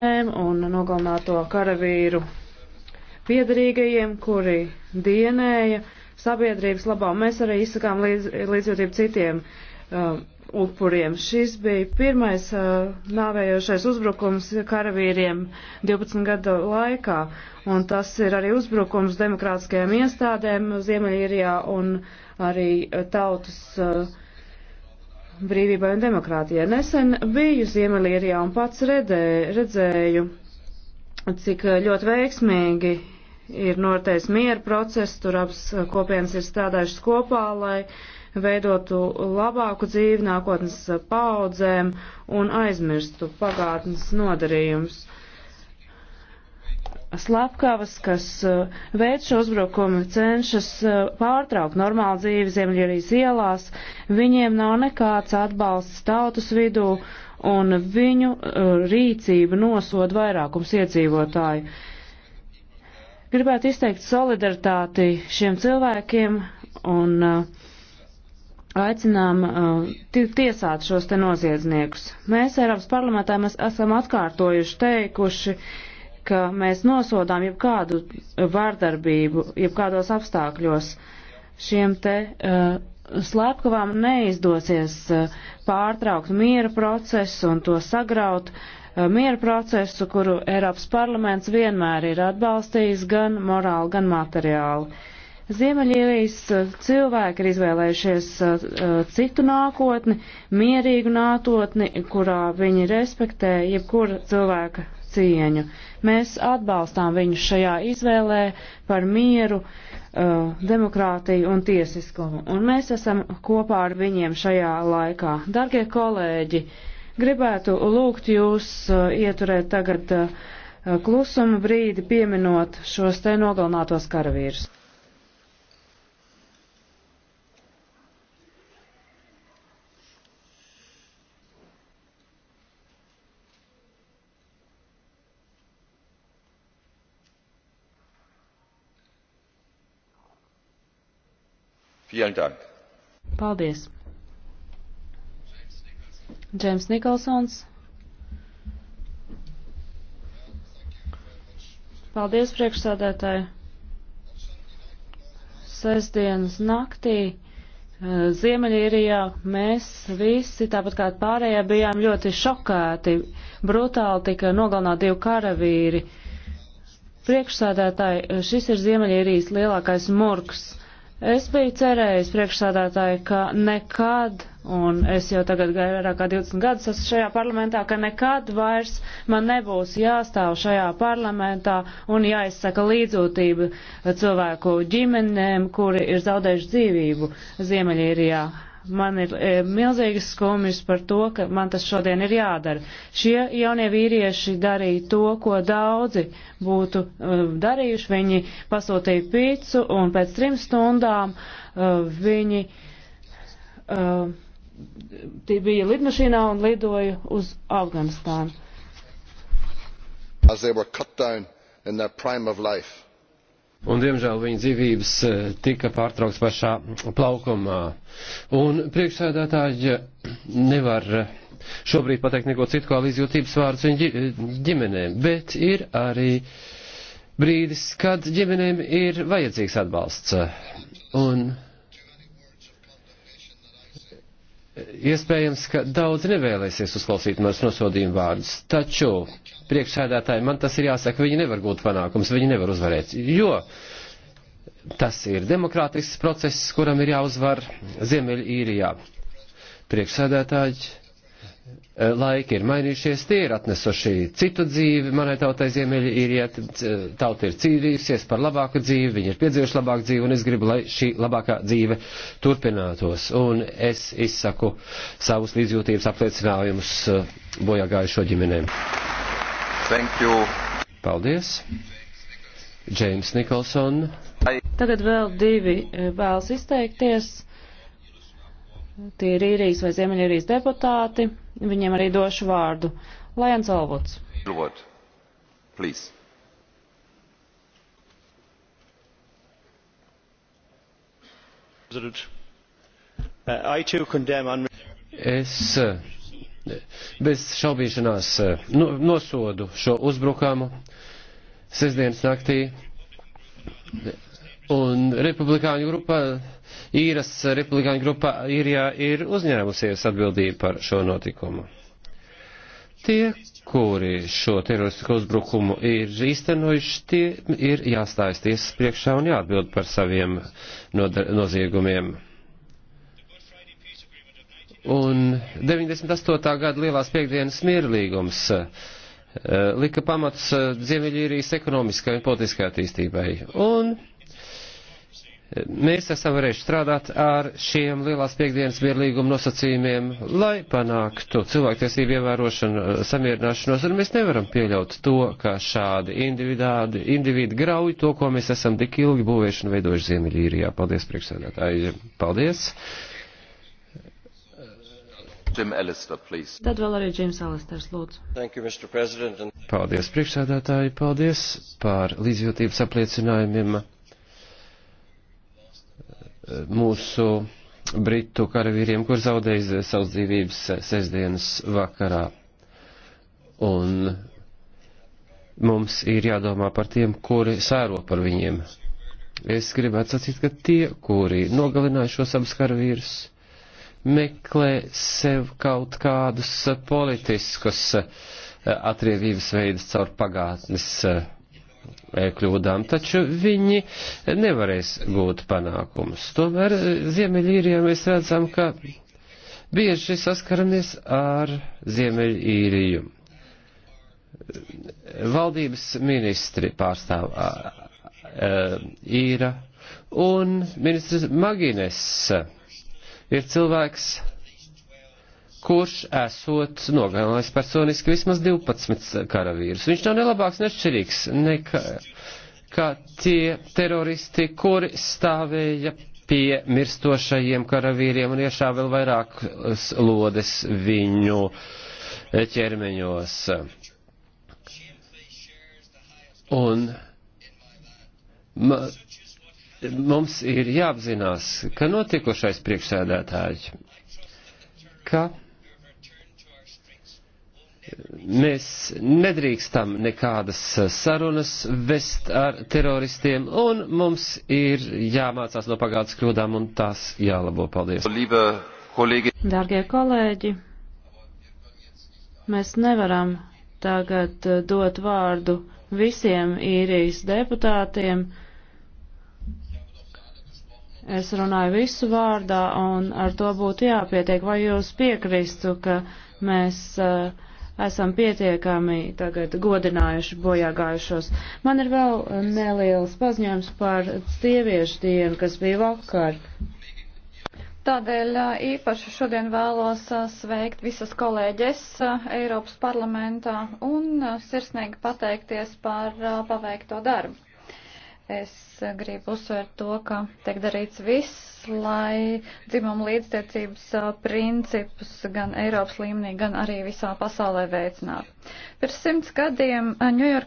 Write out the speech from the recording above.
un nogalināto karavīru piedarīgajiem, kuri dienēja sabiedrības labā. Mēs arī izsakām līdz, līdzjūtību citiem uh, upuriem. Šis bija pirmais uh, nāvējošais uzbrukums karavīriem 12 gadu laikā, un tas ir arī uzbrukums demokrātiskajām iestādēm Ziemeļīrijā un arī tautas. Uh, brīvībai un demokrātijai. Nesen biju Ziemeļīrijā un pats redē, redzēju, cik ļoti veiksmīgi ir noritējis miera process, tur abas kopienas ir strādājušas kopā, lai veidotu labāku dzīvi nākotnes paudzēm un aizmirstu pagātnes nodarījumus. Uh, slepkavas, kas eh, veic šo uzbrukumu, cenšas eh, pārtraukt normālu dzīvi Ziemļierijas ielās, viņiem nav nekāds atbalsts tautas vidū, un viņu eh, rīcība nosod vairākums iedzīvotāju. Gribētu izteikt solidaritāti šiem cilvēkiem un uh, aicinām uh, tiesāt šos te noziedzniekus. Mēs Eiropas parlamentā mēs esam atkārtojuši teikuši, uh, ka mēs nosodām jebkādu vārdarbību, jebkādos apstākļos šiem te uh, eh, slepkavām neizdosies uh, pārtraukt miera procesu un to sagraut. Uh, miera procesu, kuru Eiropas parlaments vienmēr ir atbalstījis gan morāli, gan materiāli. Ziemeļīrijas cilvēki ir izvēlējušies uh, citu nākotni, mierīgu nākotni, kurā viņi respektē jebkura cilvēka cieņu. Mēs atbalstām viņu šajā izvēlē par mieru, uh, demokrātiju un tiesiskumu, un mēs esam kopā ar viņiem šajā laikā. Dargie kolēģi, gribētu lūgt jūs uh, ieturēt tagad uh, klusuma brīdi pieminot šos te nogalinātos karavīrus. Vielen Dank! Paldies! Džēms Nikolsons. Paldies, priekšsādētāji! Sesdienas naktī eh, Ziemeļīrijā mēs visi, tāpat kā pārējie, bijām ļoti šokēti. Brutāli tika nogalināti divi karavīri. Priekšsādētāji, eh, šis ir Ziemeļīrijas lielākais murgs. Es biju cerējis priekšsādātāji, ka nekad, un es jau tagad gāju vairāk kā 20 gadus esmu šajā parlamentā, ka nekad vairs man nebūs jāstāv šajā parlamentā un jāizsaka līdzjūtība cilvēku ģimenēm, kuri ir zaudējuši dzīvību Ziemeļīrijā Man ir e, milzīgas skumjas par to, ka man tas šodien ir jādara. Šie jaunie vīrieši darīja to, ko daudzi būtu e, darījuši. Viņi pasūtīja pīcu un pēc trim stundām e, viņi e, bija lidmašīnā un lidoja uz Afganistānu. As they were cut down in their prime of life un diemžēl viņa dzīvības eh, tika pārtraukts pašā plaukumā. Un priekšsēdētāji nevar eh, šobrīd pateikt neko citu kā līdzjūtības vārdus viņa ģimenēm, bet ir arī brīdis, kad ģimenēm ir vajadzīgs atbalsts. Un iespējams, ka daudzi nevēlēsies uzklausīt manas nosodījumu vārdus, taču priekšsēdētāji, man tas ir jāsaka, viņi nevar gūt panākums, viņi nevar uzvarēt, jo tas ir demokrātisks process, kuram ir jāuzvar Ziemeļīrijā. Priekšsēdētāji, eh, laiki ir mainījušies, tie ir atnesuši citu dzīvi, manai tautai ziemeļi ir iet, tauta ir cīnījusies par labāku dzīvi, viņi ir piedzīvojuši labāku dzīvi, un es gribu, lai šī labākā dzīve turpinātos. Un es izsaku savus līdzjūtības apliecinājumus eh, bojāgājušo ģimenēm. Thank you. Paldies. Džeims Nikolson. Tagad vēl divi eh, vēlas izteikties. Tie ir īrijas vai ziemeļīrijas deputāti. Viņiem arī došu vārdu. Lajans Olvots. Please. Es eh, bez šaubīšanās nu, nosodu šo uzbrukumu sestdienas naktī. Un republikāņu grupa, īras republikāņu grupa īrijā ir uzņēmusies atbildību par šo notikumu. Tie, kuri šo teroristisku uzbrukumu ir īstenojuši, tie ir jāstājas tiesas priekšā un jāatbild par saviem noziegumiem. Un 98. gada lielās piekdienas mierlīgums eh, lika pamats eh, Ziemeļīrijas ekonomiskai un politiskai attīstībai. Un eh, mēs esam varējuši strādāt ar šiem lielās piekdienas mierlīguma nosacījumiem, lai panāktu cilvēktiesību ievērošanu, samierināšanos, un mēs nevaram pieļaut to, ka šādi individuāli, individu grauj to, ko mēs esam tik ilgi būvējuši un veidojuši Ziemeļīrijā. Paldies, priekšsēdētāji. Paldies. Jim Alistair, please. Tad vēl arī Džims Alisters, lūdzu. Thank you, Mr. President. And... Paldies, priekšsēdētāji, paldies par līdzjūtības apliecinājumiem mūsu britu karavīriem, kur zaudēja savas dzīvības sestdienas vakarā. Un mums ir jādomā par tiem, kuri sēro par viņiem. Es gribētu sacīt, ka tie, kuri nogalināja šos abus karavīrus, meklē sev kaut kādus eh, politiskus eh, atriebības veidus caur pagātnes eh, kļūdām, taču viņi nevarēs gūt panākumus. Tomēr Ziemeļīrijā mēs redzam, ka bieži saskaramies ar Ziemeļīriju. Valdības ministri pārstāv īra un ministrs Magines ir cilvēks, kurš esot nogalinājis personiski vismaz 12 karavīrus. Viņš nav ne labāks, nešķirīgs nekā kā tie teroristi, kuri stāvēja pie mirstošajiem karavīriem un iešā vēl vairāk lodes viņu ķermeņos. Un ma, mums ir jāapzinās, ka notikušais priekšsēdētāji, ka mēs nedrīkstam nekādas sarunas vest ar teroristiem, un mums ir jāmācās no pagātnes kļūdām un tās jālabo. Paldies! Dārgie kolēģi, mēs nevaram tagad dot vārdu visiem īrijas deputātiem. Es runāju visu vārdā, un ar to būtu jāpietiek. Vai jūs piekristu, ka mēs uh, esam pietiekami tagad godinājuši bojāgājušos? Man ir vēl neliels paziņojums par sieviešu dienu, kas bija vakar. Tādēļ eh, īpaši šodien vēlos eh, sveikt visas kolēģes Eiropas parlamentā un sirsnīgi pateikties par paveikto darbu. Es gribu uzsvērt to, ka tiek darīts viss, lai dzimumu līdztiecības principus gan Eiropas līmenī, gan arī visā pasaulē veicinātu. Pirms simts gadiem Ņujorkā.